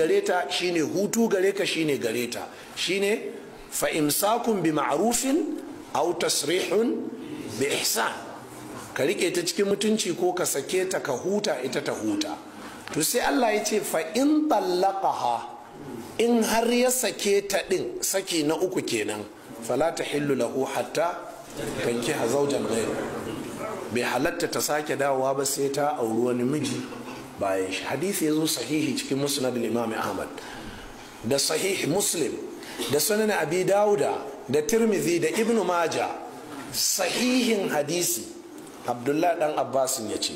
gare ta shine hutu gare ka shine gare ta shine fa imsakun bi ma'rufin aw tasrihun bi ihsan ka rike ta cikin mutunci ko ka sake ta ka huta ita ta huta to sai Allah ya ce fa in ha in har ya sake ta ɗin saki na uku kenan fala tahillu lahu hatta tankiha zawjan ghayr bai halatta ta sake dawowa ba sai ta auri wani miji bayan shi hadisi ya zo sahihi cikin musnad imam ahmad da sahihi muslim da sunan abi dawuda da tirmidhi da ibn maja sahihin hadisi abdullahi dan abbasin ya ce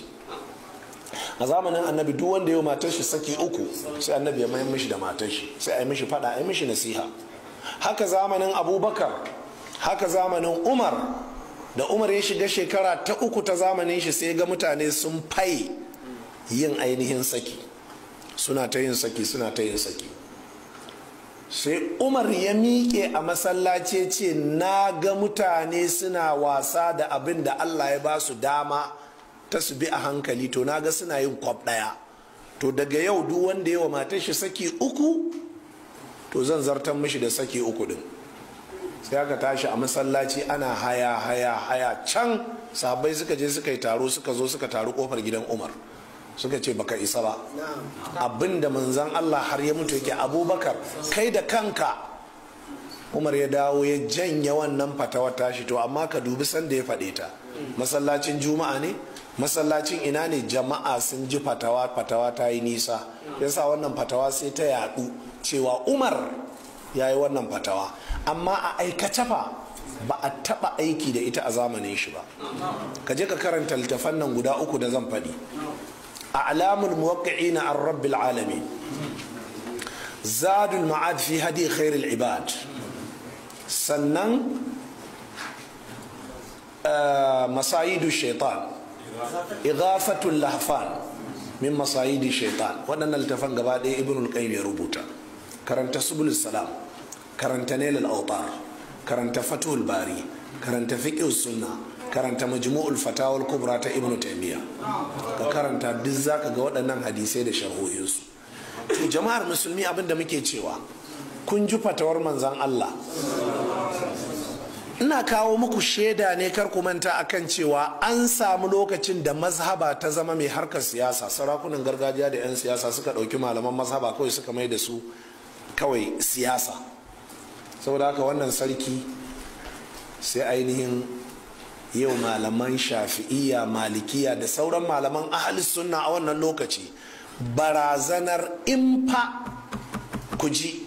a zamanin annabi duk wanda ya matar shi saki uku sai annabi ya mayar mishi da matar shi sai a yi mishi fada a yi mishi nasiha haka zamanin abubakar haka zamanin umar da umar ya shiga shekara ta uku ta zamanin shi sai ga mutane sun faye yin ainihin saki suna ta yin saki suna ta yin saki sai umar ya miƙe a masallaci ce na ga mutane suna wasa da abin da allah ya ba su dama ta su bi a hankali to na ga suna yin kwab ɗaya to daga yau duk wanda yawa mata shi saki uku to zan zartan mishi da saki uku din sai aka tashi a masallaci ana haya haya haya can sahabbai suka je suka yi taro suka zo suka taru kofar gidan umar suka ce baka isa ba abinda manzan Allah har ya mutu yake abubakar kai da kanka umar ya dawo ya janya wannan ta tashi to amma ka dubi sanda ya faɗe ta masallacin juma'a ne masallacin ina ne jama'a sun ji fatawa fatawa ta yi nisa yasa wannan fatawa sai ta yaɗu cewa umar ya yi wannan fatawa amma a aikace fa ba a taɓa aiki da ita a zamanin shi ba ka je ka karanta littafan nan guda uku da zan faɗi أعلام الموقعين عن رب العالمين زاد المعاد في هدي خير العباد سنن مصايد الشيطان إغاثة اللهفان من مصايد الشيطان وأنا التفن قبادي ابن القيم يربوتا كرنت سبل السلام كرنت نيل الأوطار كرنت فتح الباري كرنت فقه السنة karanta majmu'ul fatawal kubra ta ibnu taymiya ka karanta duk zaka ga waɗannan hadisai da su to jama'ar musulmi abin da muke cewa kun ji fatawar manzon Allah ina kawo muku shaida ne kar ku manta akan cewa an samu lokacin da mazhaba ta zama mai harkar siyasa sarakunan gargajiya da 'yan siyasa suka ɗauki malaman mazhaba kawai suka mai da su kawai siyasa saboda haka wannan sarki sai ainihin yau malaman shafi'iya malikiya da sauran malaman ahalis sunna a wannan lokaci barazanar in fa ku ji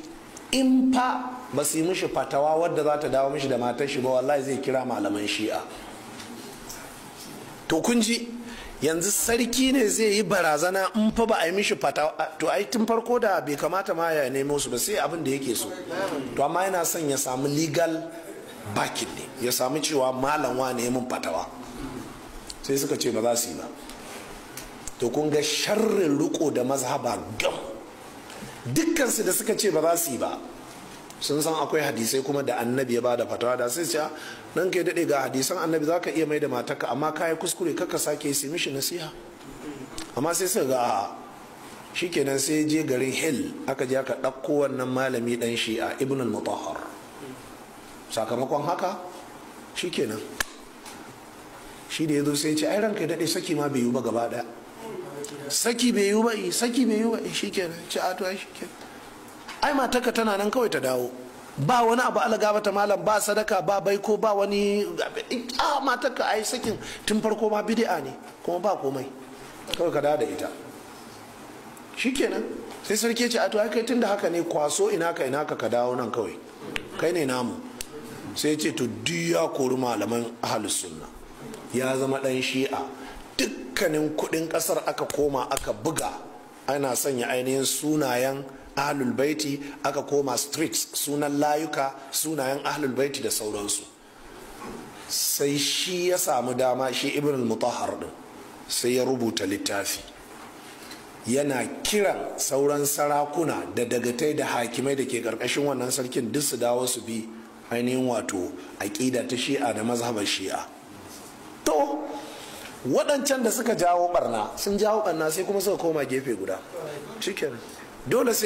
in fa ba su yi mishi fatawa wadda za ta dawo mishi da matar shi ba wallahi zai kira malaman shi'a to kun ji yanzu sarki ne zai yi barazana in fa ba a yi mishi fatawa to ai tun farko da bai kamata ma ya nemo su ba sai abin da yake so to amma yana son ya samu legal bakin ne ya sami cewa malam wane ne mun fatawa sai suka ce ba za su yi ba to kun ga sharrin riko da mazhaba gam dukkansu da suka ce ba za su yi ba sun san akwai hadisai kuma da annabi ya bada fatawa da sai ce nan kai dade ga hadisan annabi za ka iya mai da matarka amma ka yi kuskure kaka sake yi mishi nasiha amma sai suka ga kenan sai je garin hill aka je aka ɗauko wannan malami dan shi'a ibn al-mutahhar sakamakon haka shi shi da ya zo sai ce ai ranka daɗe saki ma bai yiwu ba gaba ɗaya saki bai yiwu ba yi eh, saki bai yiwu ba eh, shi kenan ce a to shi kenan ai matarka tana nan kawai ta dawo ba wani abu alaga mata malam ba sadaka ba bai ko ba wani a mataka ai sakin tun farko ma bid'a ne kuma ba komai kawai ka dawo da ita shikenan sai sarki ce a to kai tun da haka ne kwaso ina ka ina ka ka dawo nan kawai kai ne namu sai ce to duk ya kori malaman ahalus sunna ya zama dan shi'a dukkanin kudin kasar aka koma aka buga ana sanya ainihin sunayen ahlul baiti aka koma streets sunan layuka sunayen ahalul baiti da sauransu sai shi ya samu dama shi ibn al-mutahhar din sai ya rubuta littafi yana kiran sauran sarakuna da dagatai da hakimai da ke karkashin wannan sarkin duk su dawo su bi ainihin wato aƙida ta shi'a da mazhabar shi'a to waɗancan da suka jawo barna sun jawo barna sai kuma suka koma gefe guda dole sai